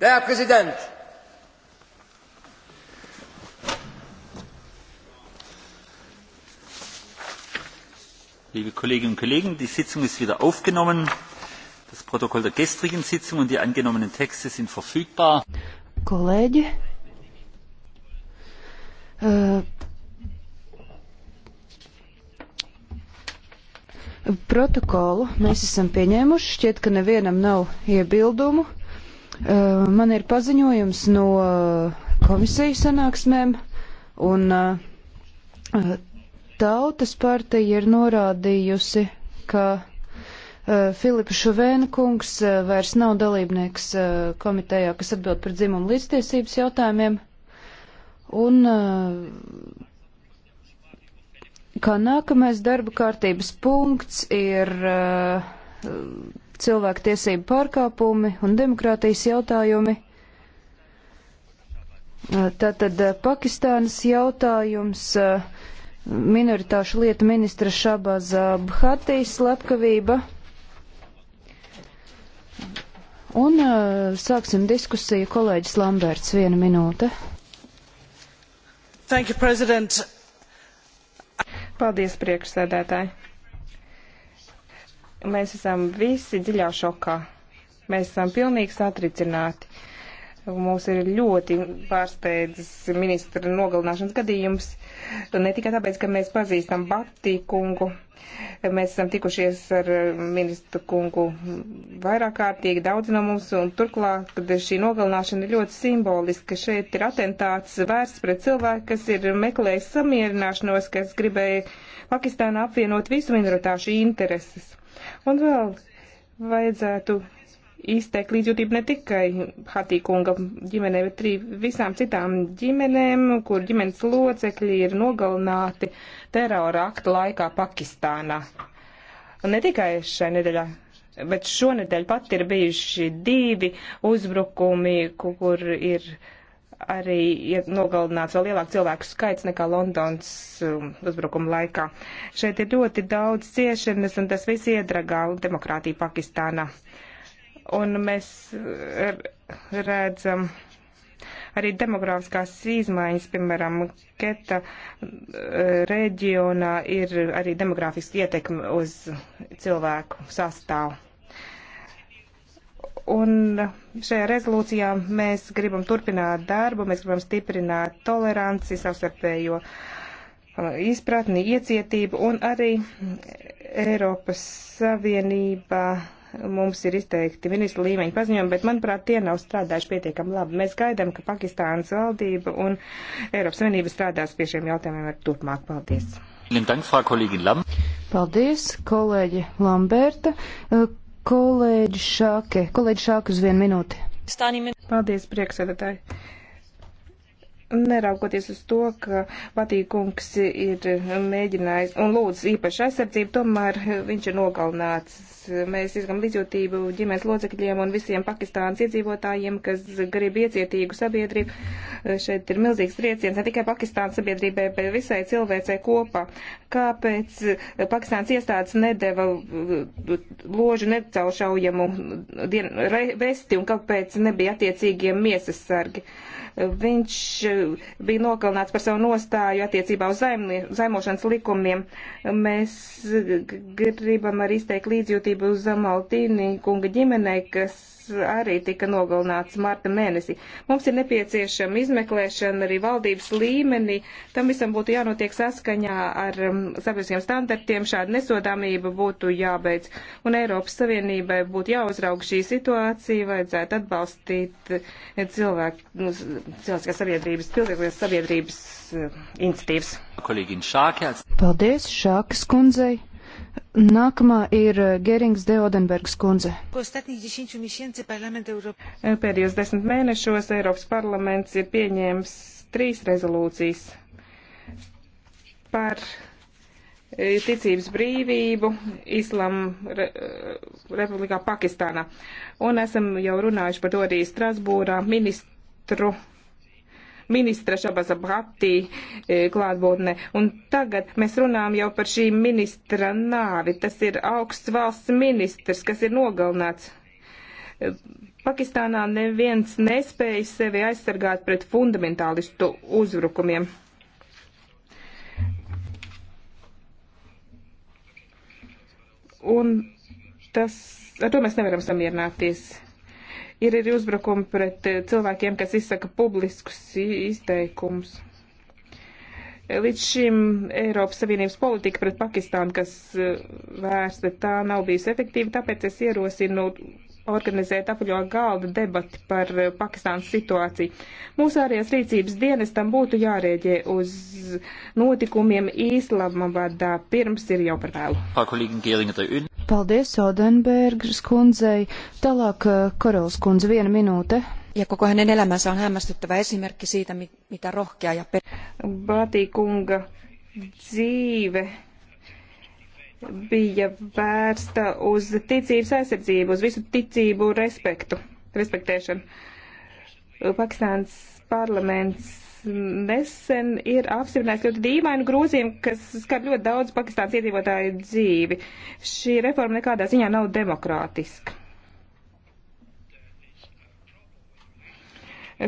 Der Präsident! Liebe Kolleginnen und Kollegen, die Sitzung ist wieder aufgenommen. Das Protokoll der gestrigen Sitzung und die angenommenen Texte sind verfügbar. Kollēģi, uh, äh, protokolu mēs esam pieņēmuši. Šķiet, ka nevienam nav iebildumu. Man ir paziņojums no komisiju sanāksmēm, un tautas partija ir norādījusi, ka Filipa Šuvēna kungs vairs nav dalībnieks komitejā, kas atbild par dzimumu līdztiesības jautājumiem. Un kā nākamais darba kārtības punkts ir cilvēku tiesību pārkāpumi un demokrātijas jautājumi. Tātad Pakistānas jautājums, minoritāšu lietu ministra Šabazā Bhatijas slepkavība. Un sāksim diskusiju. Kolēģis Lamberts, viena minūte. Thank you, President. Paldies, priekšsēdētāji. Mēs esam visi dziļā šokā. Mēs esam pilnīgi satricināti. Mums ir ļoti pārsteidzis ministra nogalināšanas gadījums, ne tikai tāpēc, ka mēs pazīstam Batī kungu, mēs esam tikušies ar ministru kungu vairāk kārtīgi daudz no mums, un turklāt, kad šī nogalināšana ir ļoti simboliska, šeit ir atentāts vērsts pret cilvēku, kas ir meklējis samierināšanos, kas gribēja Pakistānu apvienot visu minoritāšu intereses. Un vēl vajadzētu izteikt līdzjūtību ne tikai Hatīkunga ģimenei, bet arī visām citām ģimenēm, kur ģimenes locekļi ir nogalināti terora aktu laikā Pakistānā. Un ne tikai šajā nedēļā, bet šonedēļ pat ir bijuši divi uzbrukumi, kur ir arī ir nogalināts vēl lielāks cilvēku skaits nekā Londons um, uzbrukuma laikā. Šeit ir ļoti daudz ciešanas, un tas viss iedragā demokrātiju Pakistānā. Uh, Un mēs eh, redzam arī demografiskās izmaiņas, piemēram, Keta eh, reģionā ir arī demografiski ietekme uz cilvēku sastāvu. Un šajā rezolūcijā mēs gribam turpināt darbu, mēs gribam stiprināt toleranci, savstarpējo eh, izpratni, iecietību un arī Eiropas Savienībā mums ir izteikti ministru līmeņa paziņojumi, bet, manuprāt, tie nav strādājuši pietiekami labi. Mēs gaidām, ka Pakistānas valdība un Eiropas Savienība strādās pie šiem jautājumiem ar turpmāk. Paldies! Paldies, kolēģi Lamberta. Eh, kolēģi Šāke, kolēģi Šāke uz vienu minūti. Paldies, prieksēdētāji neraugoties uz to, ka patīkums ir eh, mēģinājis un lūdzu īpašu aizsardzību, tomēr eh, viņš ir nogalnāts mēs izgam līdzjūtību ģimenes locekļiem un visiem Pakistānas iedzīvotājiem, kas grib iecietīgu sabiedrību. Eh, šeit ir milzīgs trieciens ne tikai Pakistānas sabiedrībai, bet visai cilvēcei kopā. Kāpēc eh, Pakistānas iestādes nedeva eh, ložu necaušaujamu vesti un kāpēc nebija attiecīgiem miesas sargi? Uh, Viņš eh, bija nokalnāts par savu nostāju attiecībā uz zaimnie, zaimošanas likumiem. Mēs eh, gribam arī izteikt līdzjūtību uz Zamaltīni kunga ģimenei, kas arī tika nogalināts marta mēnesī. Mums ir nepieciešama izmeklēšana arī valdības līmenī. Tam visam būtu jānotiek saskaņā ar um, sabiedriskiem standartiem. Šāda nesodāmība būtu jābeidz. Un Eiropas Savienībai būtu jāuzraug šī situācija. Vajadzētu atbalstīt eh, cilvēku, nu, cilvēkās sabiedrības, pilsētas sabiedrības uh, institīvas. Paldies Šākas kundzei! Nākamā ir eh, Gerings de Odenbergs kundze. Eh, pēdējos desmit mēnešos Eiropas parlaments ir pieņēmis trīs rezolūcijas par eh, ticības brīvību Islama re, Republikā Pakistānā. Un esam jau runājuši par to arī Strasbūrā ministru ministra Šabasa Bhatti e, klātbūtne. Un tagad mēs runājam jau par šī ministra nāvi. Tas ir augsts valsts ministrs, kas ir nogalnāts. E, Pakistānā neviens nespēja sevi aizsargāt pret fundamentālistu uzbrukumiem. Un tas, ar to mēs nevaram samierināties. Ir arī uzbrukumi pret eh, cilvēkiem, kas izsaka publiskus izteikumus. Līdz šim Eiropas Savienības politika pret Pakistānu, kas eh, vērsta, tā nav bijusi efektīva, tāpēc es ierosinu organizēt apaļo galda debati par eh, Pakistānas situāciju. Mūsu ārējās rīcības dienestam būtu jārēģē uz notikumiem Īslamabadā, pirms ir jau par vēlu. Paldies Odenbergas kundzei. Tālāk eh, Korels kundze, viena minūte. Ja koko hänen elämänsä on hämmästyttävä esimerkki siitä, mitä rohkea ja per... Batikunga dzīve bija vērsta uz ticības aizsardzību, uz visu ticību respektu, respektēšanu. Pakistāns parlaments nesen ir apstiprinājis ļoti dīvainu grozījumu, kas skar ļoti daudz Pakistānas iedzīvotāju dzīvi. Šī reforma nekādā ziņā nav demokrātiska.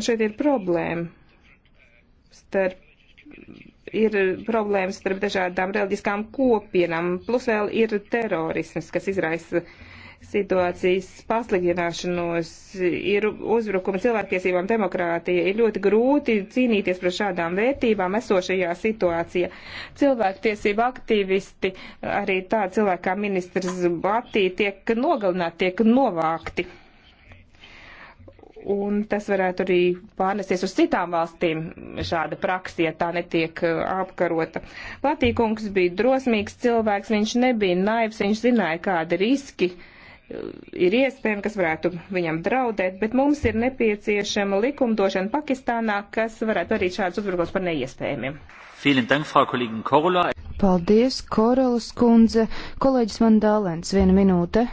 Šeit ir problēma starp, ir problēmas starp dažādām reliģiskām kopienām, plus vēl ir terorisms, kas izraisa uh, situācijas pasliktināšanos, ir uzbrukumi cilvēktiesībām, demokrātija, ir ļoti grūti cīnīties par šādām vērtībām esošajā situācijā. Cilvēktiesība aktīvisti, arī tā cilvēka kā ministrs Batī, tiek nogalināti, tiek novākti. Un tas varētu arī pārnesties uz citām valstīm šāda praksa, ja tā netiek uh, apkarota. Latīkungs bija drosmīgs cilvēks, viņš nebija naivs, viņš zināja, kādi riski uh, ir iespējami, kas varētu viņam draudēt, bet mums ir nepieciešama likumdošana Pakistānā, kas varētu arī šādus uzbrukums par neiespējamiem. Paldies, Korolas kundze. Kolēģis Van Dālens, viena minūte.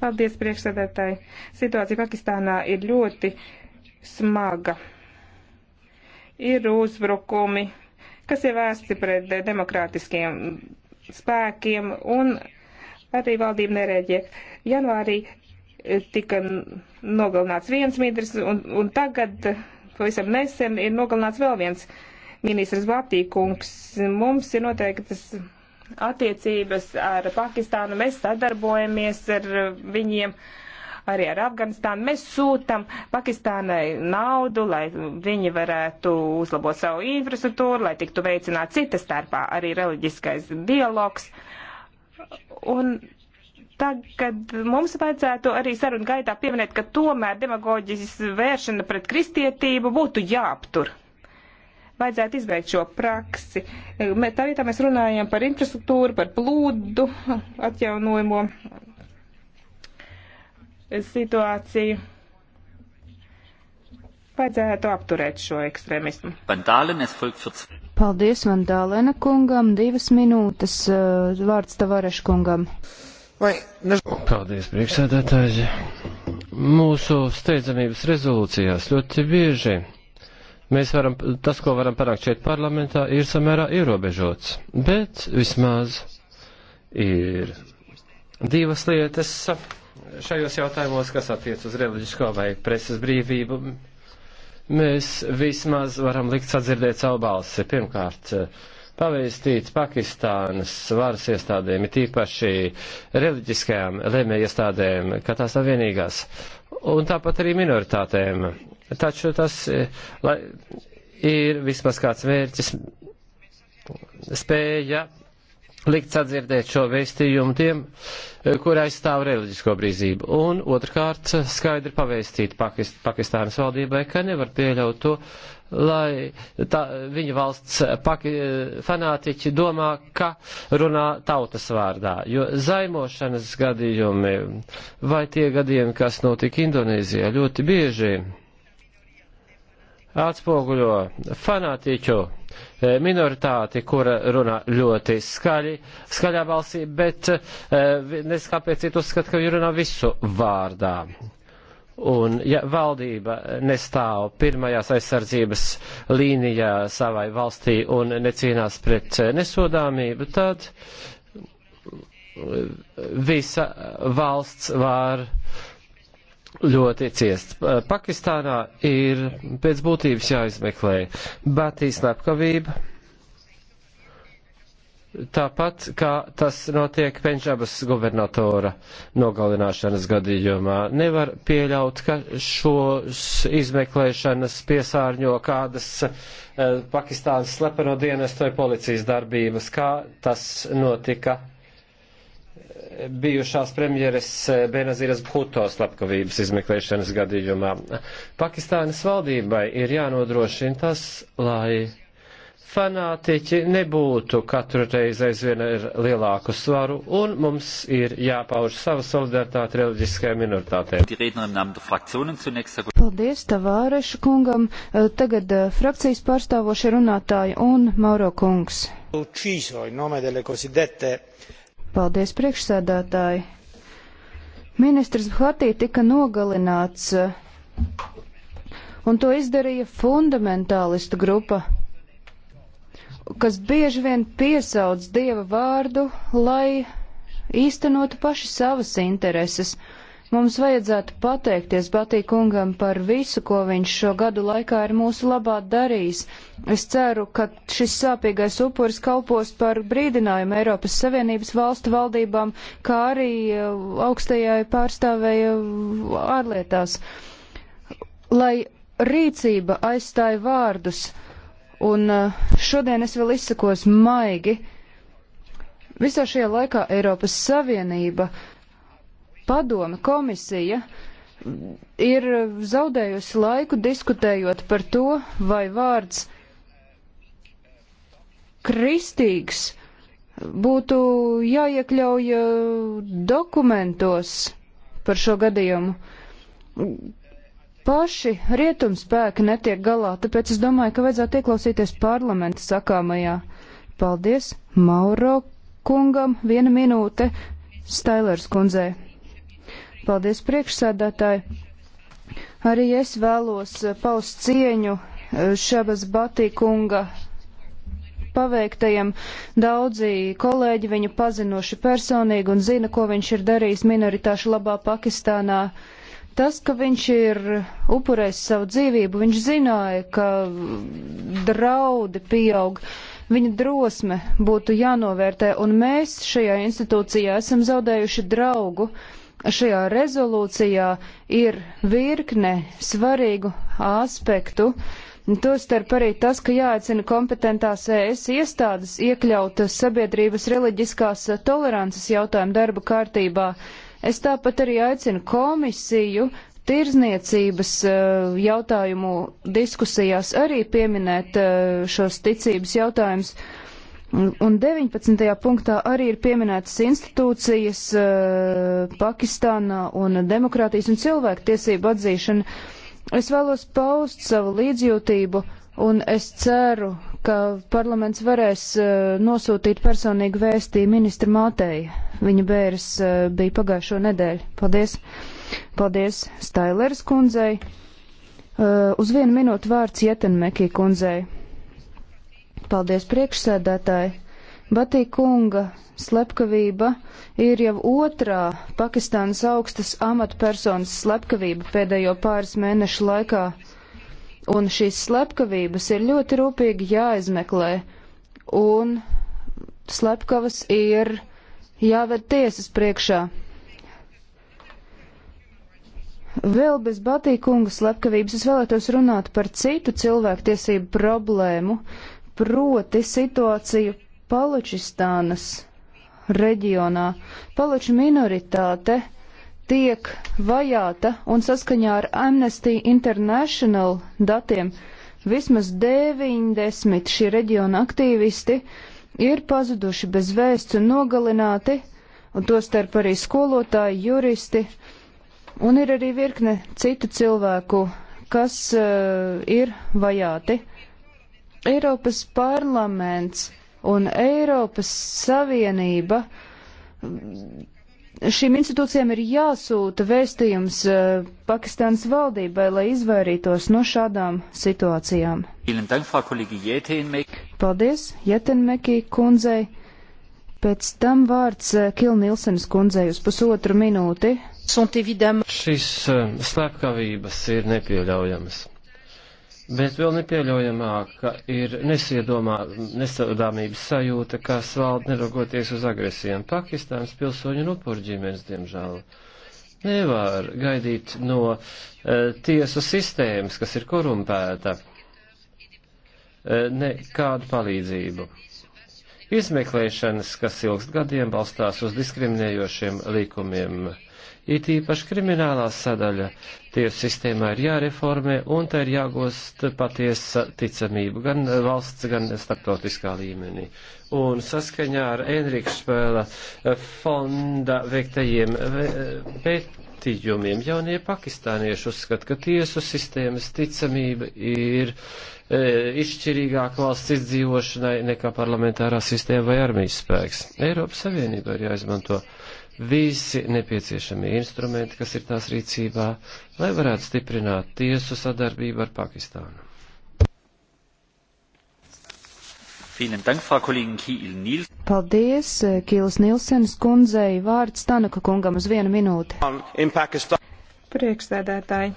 Paldies, priekšsēdētāji. Situācija Pakistānā ir ļoti smaga. Ir uzbrukumi, kas ir vērsti pret demokrātiskiem spēkiem, un arī valdība nereaģē. Janvārī eh, tika nogalināts viens ministrs, un, un tagad eh, pavisam nesen ir nogalināts vēl viens ministrs Batīkungs. Mums ir noteiktas attiecības ar Pakistānu, mēs sadarbojamies ar viņiem. Uh, arī ar Afganistānu. Mēs sūtam Pakistānai naudu, lai viņi varētu uzlabot savu infrastruktūru, lai tiktu veicināt citas starpā arī reliģiskais dialogs. Un tagad mums vajadzētu arī sarunu gaitā pieminēt, ka tomēr demagoģijas vēršana pret kristietību būtu jāaptur. Vajadzētu izbeigt šo praksi. Tā vietā mēs runājam par infrastruktūru, par plūdu atjaunojumu situāciju. Vajadzētu apturēt šo ekstremismu. Paldies, Vandālena kungam, divas minūtes eh, vārds Tavareša kungam. Vai, ne... Paldies, priekšsēdētāji. Mūsu steidzamības rezolūcijās ļoti bieži mēs varam, tas, ko varam panākt šeit parlamentā, ir samērā ierobežots. Bet vismaz ir divas lietas. Ap šajos jautājumos, kas attiec uz reliģisko vai preses brīvību, mēs vismaz varam likt sadzirdēt savu balsi. Pirmkārt, pavēstīt Pakistānas varas iestādēm, it īpaši reliģiskajām lēmē iestādēm, ka tās nav vienīgās, un tāpat arī minoritātēm. Taču tas e, lai, ir vismaz kāds mērķis spēja likt sadzirdēt šo vēstījumu tiem, eh, kur aizstāv reliģisko brīvību. Un otrkārt, skaidri pavēstīt Pakist Pakistānas valdībai, ka nevar pieļaut to, lai tā, viņa valsts paki, fanātiķi domā, ka runā tautas vārdā. Jo zaimošanas gadījumi vai tie gadījumi, kas notika Indonēzijā, ļoti bieži atspoguļo fanātiķu Eh, minoritāti, kura runā ļoti skaļi, skaļā balsī, bet eh, nes kāpēc citu uzskata, ka viņi runā visu vārdā. Un ja valdība nestāv pirmajās aizsardzības līnijā savai valstī un necīnās pret eh, nesodāmību, tad visa valsts var uh, ļoti ciest. Pakistānā ir pēc būtības jāizmeklē Batijas slepkavība, tāpat kā tas notiek Penžabas gubernatora nogalināšanas gadījumā. Nevar pieļaut, ka šos izmeklēšanas piesārņo kādas eh, Pakistānas slepeno dienestu vai policijas darbības, kā tas notika bijušās premjeres eh, Benazīras Bhuto slepkavības izmeklēšanas gadījumā. Pakistānas valdībai ir jānodrošina tas, lai fanātiķi nebūtu katru reizi aizvien ar lielāku svaru, un mums ir jāpauž sava solidaritāte reliģiskajai minoritātei. Paldies Tavāreša kungam. Eh, tagad eh, frakcijas pārstāvošie runātāji un Mauro kungs. Ucciso in nome delle cosiddette Paldies, priekšsēdētāji. Ministrs Hatī tika nogalināts, un to izdarīja fundamentālistu grupa, kas bieži vien piesauc dieva vārdu, lai īstenotu paši savas intereses. Mums vajadzētu pateikties Batī kungam par visu, ko viņš šo gadu laikā ir mūsu labā darījis. Es ceru, ka šis sāpīgais upuris kalpos par brīdinājumu Eiropas Savienības valstu valdībām, kā arī uh, augstajai pārstāvēja ārlietās, lai rīcība aizstāja vārdus. Un uh, šodien es vēl izsakos maigi. Visā šajā laikā Eiropas Savienība uh, padome, komisija ir zaudējusi laiku diskutējot par to, vai vārds kristīgs būtu jāiekļauj uh, dokumentos par šo gadījumu. Paši rietumspēki netiek galā, tāpēc es domāju, ka vajadzētu ieklausīties parlamenta sakāmajā. Paldies Mauro kungam, viena minūte Stailers kundzei. Paldies priekšsēdētāji. Arī es vēlos eh, paust cieņu eh, Šabas Batīkunga paveiktajam. Daudzi kolēģi viņu pazinuši personīgi un zina, ko viņš ir darījis minoritāšu labā Pakistānā. Tas, ka viņš ir upurējis savu dzīvību, viņš zināja, ka draudi pieaug, viņa drosme būtu jānovērtē, un mēs šajā institūcijā esam zaudējuši draugu. Uh, šajā rezolūcijā ir virkne svarīgu aspektu. Tostarp arī tas, ka jāaicina kompetentās ES iestādes iekļaut sabiedrības reliģiskās tolerances jautājumu darba kārtībā. Es tāpat arī aicinu komisiju tirzniecības e, jautājumu diskusijās arī pieminēt e, šos ticības jautājumus. Un 19. punktā arī ir pieminētas institūcijas eh, Pakistānā un demokrātijas un cilvēktiesību atzīšana. Es vēlos paust savu līdzjūtību un es ceru, ka parlaments varēs eh, nosūtīt personīgu vēstīju ministra Mātei. Viņa bēres eh, bija pagājušo nedēļu. Paldies! Paldies Stailers kundzei! Uz vienu minūtu vārds Jetenmekī kundzei. Paldies priekšsēdētāji. Batī kunga slepkavība ir jau otrā Pakistānas augstas amatpersonas slepkavība pēdējo pāris mēnešu laikā, un šīs slepkavības ir ļoti rūpīgi jāizmeklē, un slepkavas ir jāved tiesas priekšā. Vēl bez Batī kunga slepkavības es vēlētos runāt par citu cilvēktiesību problēmu, proti situāciju Paločistānas reģionā. Paloču minoritāte tiek vajāta un saskaņā ar Amnesty International datiem vismaz 90 šī reģiona aktīvisti ir pazuduši bez vēsts un nogalināti, un to starp arī skolotāji, juristi, un ir arī virkne citu cilvēku, kas uh, ir vajāti. Eiropas parlaments un Eiropas Savienība šīm institūcijām ir jāsūta vēstījums eh, Pakistānas valdībai, lai izvairītos no šādām situācijām. Paldies, Jetenmekī kundzei. Pēc tam vārds eh, Kilnilsenas kundzei uz pusotru minūti. Šīs eh, slepkavības ir nepieļaujamas. Bet vēl nepieļaujamāka ir nesiedomā, nesaudāmības sajūta, kas valda neraugoties uz agresijām. Pakistāns pilsoņu un upuru ģimenes, diemžēl, nevar gaidīt no uh, tiesu sistēmas, kas ir korumpēta, uh, nekādu palīdzību. Izmeklēšanas, kas ilgst gadiem, balstās uz diskriminējošiem likumiem. Uh, It īpaši kriminālā sadaļa tiesu sistēmā ir jāreformē un tā ir jāgost patiesa ticamība gan valsts, gan starptautiskā līmenī. Un saskaņā ar Enrika Špēla fonda veiktajiem pētījumiem jaunie pakistānieši uzskata, ka tiesu sistēmas ticamība ir e, izšķirīgāk valsts izdzīvošanai nekā parlamentārā sistēma vai armijas spēks. Eiropas Savienība ir jāizmanto. Ja visi nepieciešamie instrumenti, kas ir tās rīcībā, lai varētu stiprināt tiesu sadarbību ar Pakistānu. Paldies, eh, Kīls Nilsens kundzei, vārds Tanaka kungam uz vienu minūti. Priekšstādētāji,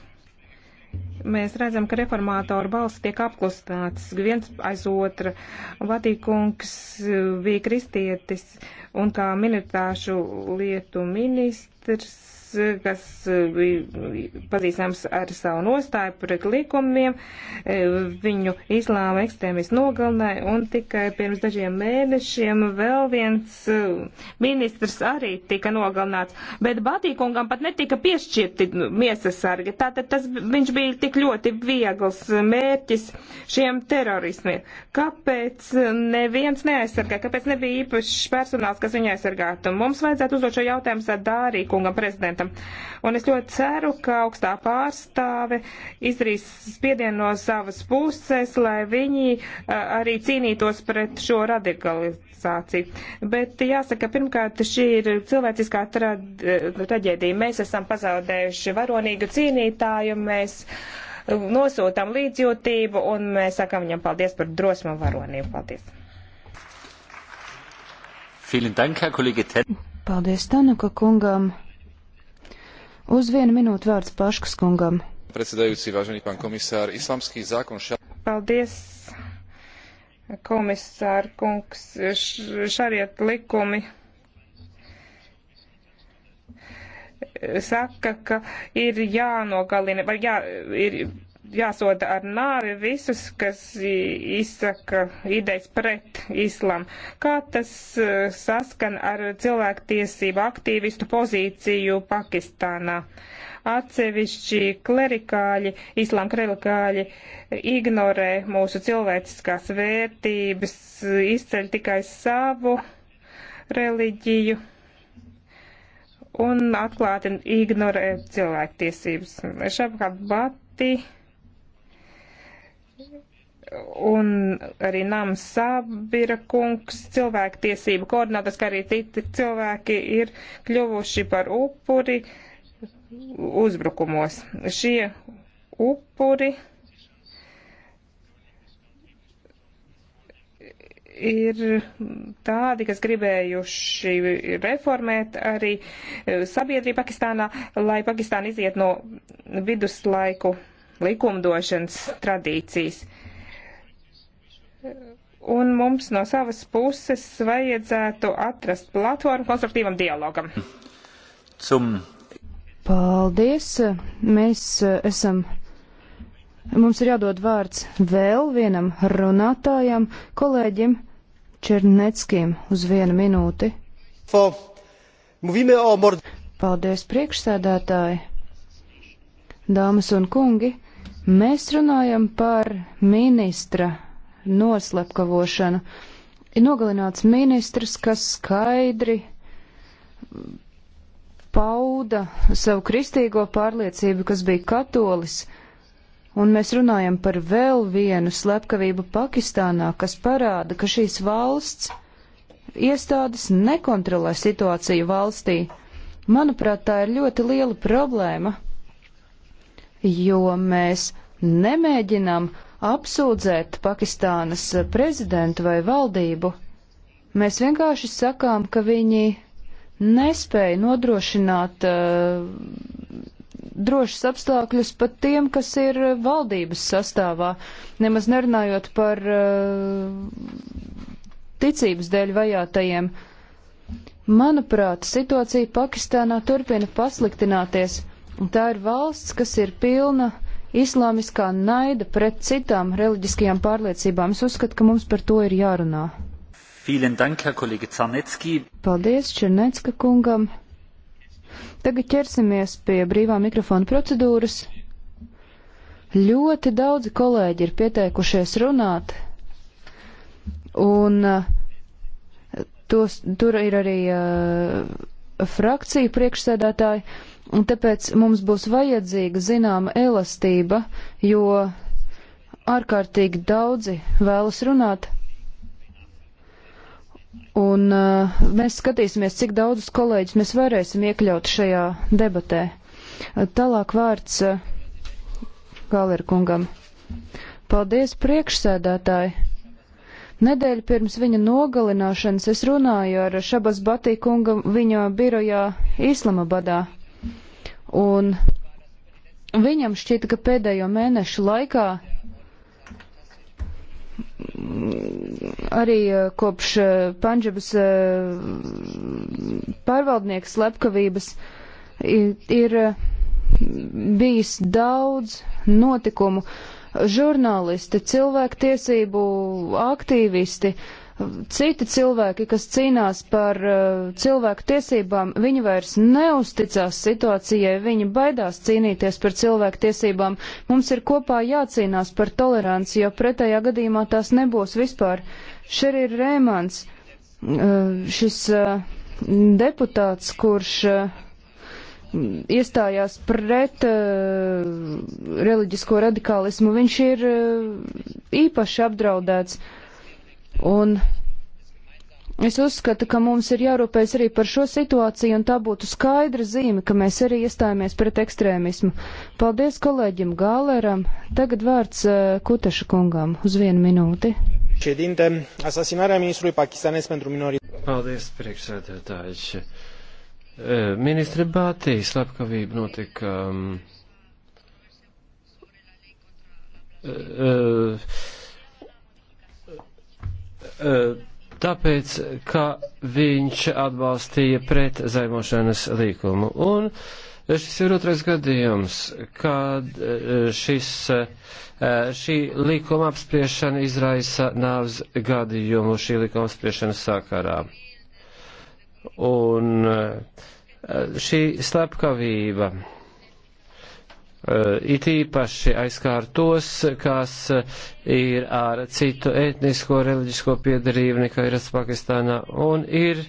mēs redzam, ka reformātoru balss tiek apklusināts viens aiz otra. Vatīkungs bija kristietis un kā minoritāšu lietu ministrs, kas bija pazīstams ar savu nostāju pret likumiem, viņu islāma ekstrēmistu nogalināja un tikai pirms dažiem mēnešiem vēl viens eh, ministrs arī tika nogalināts, bet Batīkungam pat netika piešķirti miesasargi, tātad tas, viņš bija tik tik ļoti viegls mērķis šiem terorismiem? Kāpēc neviens neaizsargā? Kāpēc nebija īpašs personāls, kas viņu aizsargātu? Mums vajadzētu uzdot šo jautājumu Sadārī kungam prezidentam. Un es ļoti ceru, ka augstā pārstāve izdarīs spiedienu no savas puses, lai viņi arī cīnītos pret šo radikalizāciju. Bet jāsaka, pirmkārt, šī ir cilvēciskā traģēdija. Mēs esam pazaudējuši varonīgu cīnītāju, mēs nosūtām līdzjūtību un mēs sakam viņam paldies par drosmu un varonību. Paldies! Paldies Tanuka kungam. Uz vienu minūtu vārds Paškas kungam. Paldies, komisār kungs, šariet likumi saka, ka ir jānogalina, vai jā, ir jāsoda ar nāvi visus, kas izsaka idejas pret islamu. Kā tas e, saskan ar cilvēktiesību aktīvistu pozīciju Pakistānā? atsevišķi klerikāļi, islām klerikāļi e, ignorē mūsu cilvēciskās vērtības, e, izceļ tikai savu reliģiju un atklāti ignorē cilvēktiesības. Šāpkārt Bati un arī Nams Sabira kungs, cilvēktiesību koordinātas, kā arī citi cilvēki ir kļuvuši par upuri uzbrukumos. Šie upuri ir tādi, kas gribējuši reformēt arī eh, sabiedrību Pakistānā, lai Pakistāna iziet no viduslaiku likumdošanas tradīcijas. Un mums no savas puses vajadzētu atrast platformu konstruktīvam dialogam. Cum. Paldies! Mēs eh, esam Mums ir jādod vārds vēl vienam runātājam, kolēģim Černeckim uz vienu minūti. Paldies, priekšsēdētāji! Dāmas un kungi, mēs runājam par ministra noslepkavošanu. Ir nogalināts ministrs, kas skaidri pauda savu kristīgo pārliecību, kas bija katolis. Un mēs runājam par vēl vienu slepkavību Pakistānā, kas parāda, ka šīs valsts iestādes nekontrolē situāciju valstī. Manuprāt, tā ir ļoti liela problēma, jo mēs nemēģinām apsūdzēt Pakistānas prezidentu vai valdību. Mēs vienkārši sakām, ka viņi nespēja nodrošināt uh, drošus apstākļus pat tiem, kas ir uh, valdības sastāvā, nemaz nerunājot par uh, ticības dēļ vajātajiem. Manuprāt, situācija Pakistānā turpina pasliktināties, un tā ir valsts, kas ir pilna islāmiskā naida pret citām reliģiskajām pārliecībām. Es uzskatu, ka mums par to ir jārunā. Dank, Paldies Černecka kungam! Tagad ķersimies pie brīvā mikrofona procedūras. Ļoti daudzi kolēģi ir pieteikušies runāt, un eh, tos, tur ir arī uh, frakciju priekšsēdētāji, un tāpēc mums būs vajadzīga zināma elastība, jo ārkārtīgi daudzi vēlas runāt. Un uh, mēs skatīsimies, cik daudzus kolēģus mēs varēsim iekļaut šajā debatē. Uh, tālāk vārds uh, Galerkungam. Paldies, priekšsēdētāji! Nedēļa pirms viņa nogalināšanas es runāju ar Šabas Batī kunga viņa birojā Islamabadā. Un viņam šķita, ka pēdējo mēnešu laikā Arī eh, kopš eh, Pandžabas eh, pārvaldnieks slepkavības ir bijis daudz notikumu. Žurnālisti, cilvēktiesību aktīvisti, citi cilvēki, kas cīnās par uh, cilvēku tiesībām, viņi vairs neusticās situācijai, viņi baidās cīnīties par cilvēku tiesībām. Mums ir kopā jācīnās par toleranci, jo pretējā gadījumā tās nebūs vispār. Uh, Šeit ir Rēmans, uh, šis uh, deputāts, kurš uh, iestājās pret reliģisko radikālismu, viņš ir īpaši apdraudēts. Un Es uzskatu, ka mums ir jārūpējas arī par šo situāciju, un tā būtu skaidra zīme, ka mēs arī iestājāmies pret ekstrēmismu. Paldies kolēģim Gāleram. Tagad vārds Kuteša kungam uz vienu minūti asasinarea ministrului pakistanez pentru minorități. Paldies, priekšsēdētājs. E, ministri Bātī, slepkavība notika um, uh, uh, tāpēc, ka viņš atbalstīja pret zaimošanas līkumu. Un, uh, Šis ir otrais gadījums, kad e, šis, e, e, šī likuma apspriešana izraisa nāvs gadījumu šī likuma apspriešana sakarā. Un šī slepkavība Eh, it īpaši aizkār tos, kas eh, ir ar citu etnisko, reliģisko piedarību nekā ir Pakistānā, un ir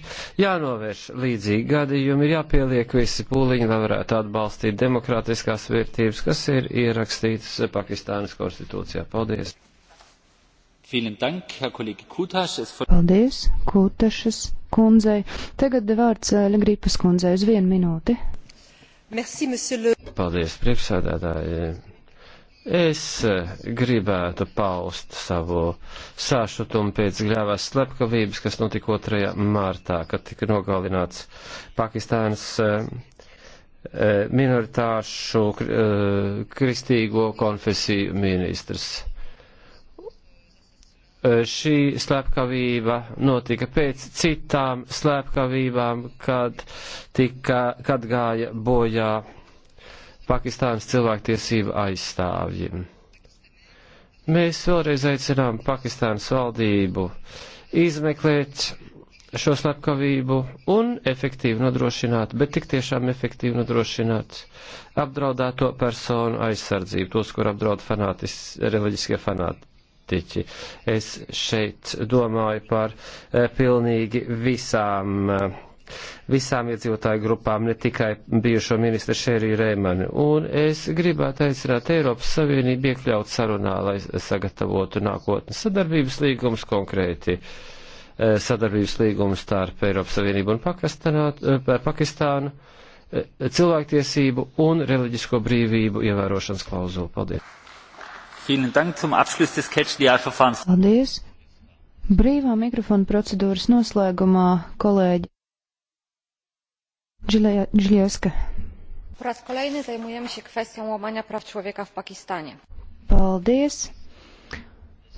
jānovērš līdzīgi gadījumi, ir jāpieliek visi pūliņi, lai varētu atbalstīt demokrātiskās vērtības, kas ir ierakstītas Pakistānas konstitūcijā. Paldies! Paldies, Kūtašas kundzei. Tagad vārds eh, Ligripas kundzei uz vienu minūti. Paldies, priekšsēdētāji. Es eh, gribētu paust savu sāšutumu pēc grāvās slepkavības, kas notika 2. martā, kad tika nogalināts Pakistānas eh, eh, minoritāšu kristīgo konfesiju ministrs. Eh, šī slepkavība notika pēc citām slepkavībām, kad, tika, kad gāja bojā Pakistānas cilvēktiesība aizstāvji. Mēs vēlreiz aicinām Pakistānas valdību izmeklēt šo slepkavību un efektīvi nodrošināt, bet tik tiešām efektīvi nodrošināt apdraudēto personu aizsardzību, tos, kur apdraud fanātis, reliģiskie fanāti politiķi. Es šeit domāju par e, pilnīgi visām e, visām iedzīvotāju grupām, ne tikai bijušo ministru Šēriju Rēmanu. Un es gribētu aicināt Eiropas Savienību iekļaut sarunā, lai sagatavotu nākotnes sadarbības līgumus konkrēti e, sadarbības līgumu starp Eiropas Savienību un Pakistānu, cilvēktiesību un reliģisko brīvību ievērošanas klauzulu. Paldies! Paldies! Brīvā mikrofona procedūras noslēgumā kolēģi Džilieska. Po raz kolejny zajmujemy się kwestią łamania praw człowieka w Pakistanie. Paldies!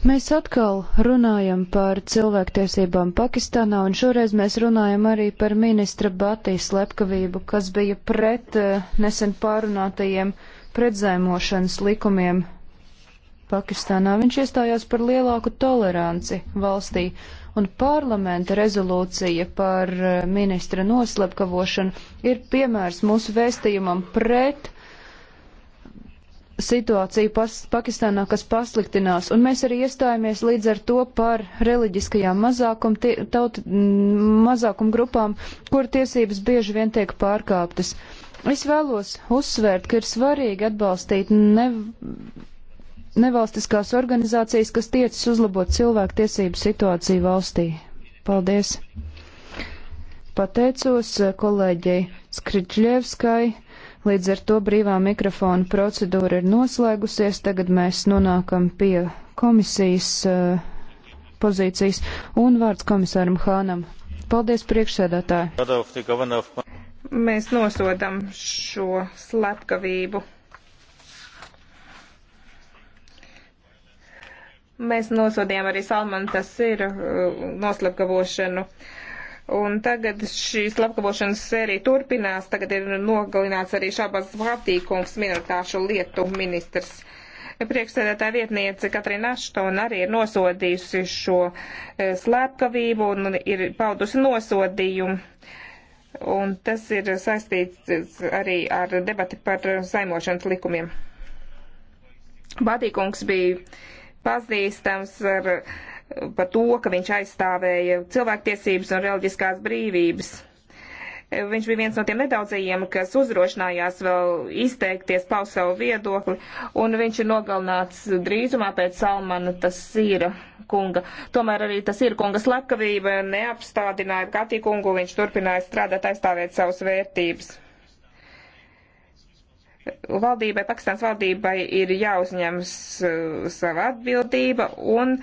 Mēs atkal runājam par cilvēktiesībām Pakistānā, un šoreiz mēs runājam arī par ministra Batijas slepkavību, kas bija pret eh, nesen pārunātajiem pretzēmošanas likumiem Pakistānā viņš iestājās par lielāku toleranci valstī, un parlamenta rezolūcija par eh, ministra noslepkavošanu ir piemērs mūsu vēstījumam pret situāciju pas Pakistānā, kas pasliktinās, un mēs arī iestājāmies līdz ar to par reliģiskajām mazākum, taut, mazākum grupām, kur tiesības bieži vien tiek pārkāptas. Es vēlos uzsvērt, ka ir svarīgi atbalstīt ne nevalstiskās organizācijas, kas tiecas uzlabot cilvēku tiesību situāciju valstī. Paldies! Pateicos eh, kolēģei Skričļevskai. Līdz ar to brīvā mikrofona procedūra ir noslēgusies. Tagad mēs nonākam pie komisijas uh, pozīcijas un vārds komisāram Hānam. Paldies, priekšsēdētāji! Mēs nosodam šo slepkavību. Mēs nosodījām arī Salmanu Tasiru uh, noslapkavošanu. Un tagad šī slepkavošanas sērija turpinās. Tagad ir nogalināts arī Šabas Vātīkungs, minoritāšu lietu ministrs. Priekšsēdētāja vietniece Katrina Aštona arī ir nosodījusi šo eh, slepkavību un ir paudusi nosodījumu. Un tas ir saistīts arī ar debati par saimošanas likumiem. Vātīkungs bija pazīstams ar, par to, ka viņš aizstāvēja cilvēktiesības un reliģiskās brīvības. Viņš bija viens no tiem nedaudzajiem, kas uzrošinājās vēl izteikties, paust savu viedokli, un viņš ir nogalināts drīzumā pēc Salmana Tasīra kunga. Tomēr arī Tasīra kunga slepkavība neapstādināja Katī kungu, viņš turpināja strādāt, aizstāvēt savas vērtības valdībai, Pakistāns valdībai ir jāuzņems uh, sava atbildība un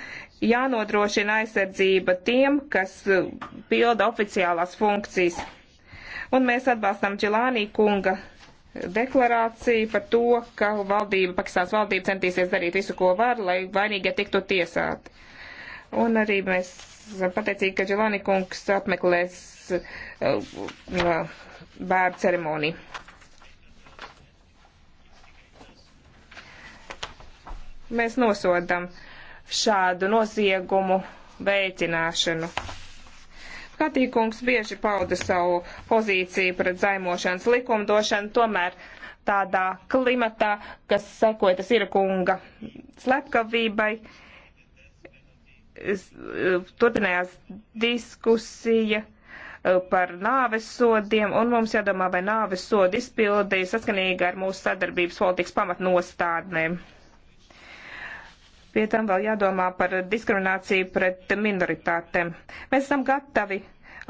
jānodrošina aizsardzība tiem, kas uh, pilda oficiālās funkcijas. Un mēs atbalstam Čilānī kunga deklarāciju par to, ka valdība, Pakistāns valdība centīsies darīt visu, ko var, lai vainīgie tiktu tiesāti. Un arī mēs pateicīgi, ka Čilānī kungs apmeklēs uh, bērnu ceremoniju. Mēs nosodam šādu noziegumu veicināšanu. Katīkungs bieži pauda savu pozīciju pret zaimošanas likumdošanu, tomēr tādā klimatā, kas sekoja tas ir kunga slepkavībai, eh, turpinājās diskusija eh, par nāves sodiem, un mums jādomā, vai nāves sodi izpildīja saskanīgi ar mūsu sadarbības politikas pamatnostādnēm. Pie tam vēl jādomā par diskrimināciju pret minoritātēm. Mēs esam gatavi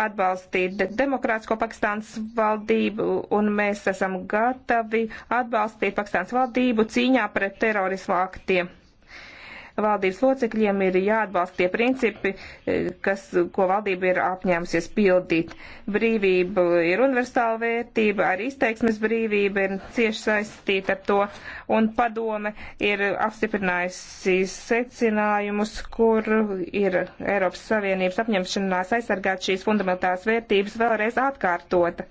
atbalstīt demokrātisko Pakistānas valdību, un mēs esam gatavi atbalstīt Pakistānas valdību cīņā pret terorismu aktiem valdības locekļiem ir jāatbalsta tie principi, eh, kas, ko valdība ir apņēmusies pildīt. Brīvība ir universāla vērtība, arī izteiksmes brīvība ir cieši saistīta ar to, un padome ir apstiprinājusi secinājumus, kur ir Eiropas Savienības apņemšanās aizsargāt šīs fundamentālās vērtības vēlreiz atkārtota.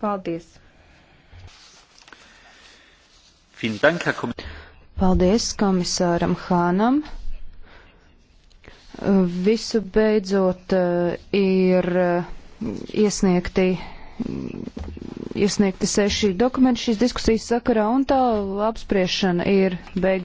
Paldies! Vielen Dank, Herr Kommissar. Paldies komisāram Hānam. Visu beidzot eh, ir eh, iesniegti, iesniegti seši dokumenti šīs diskusijas sakarā, un tā apspriešana ir beigta.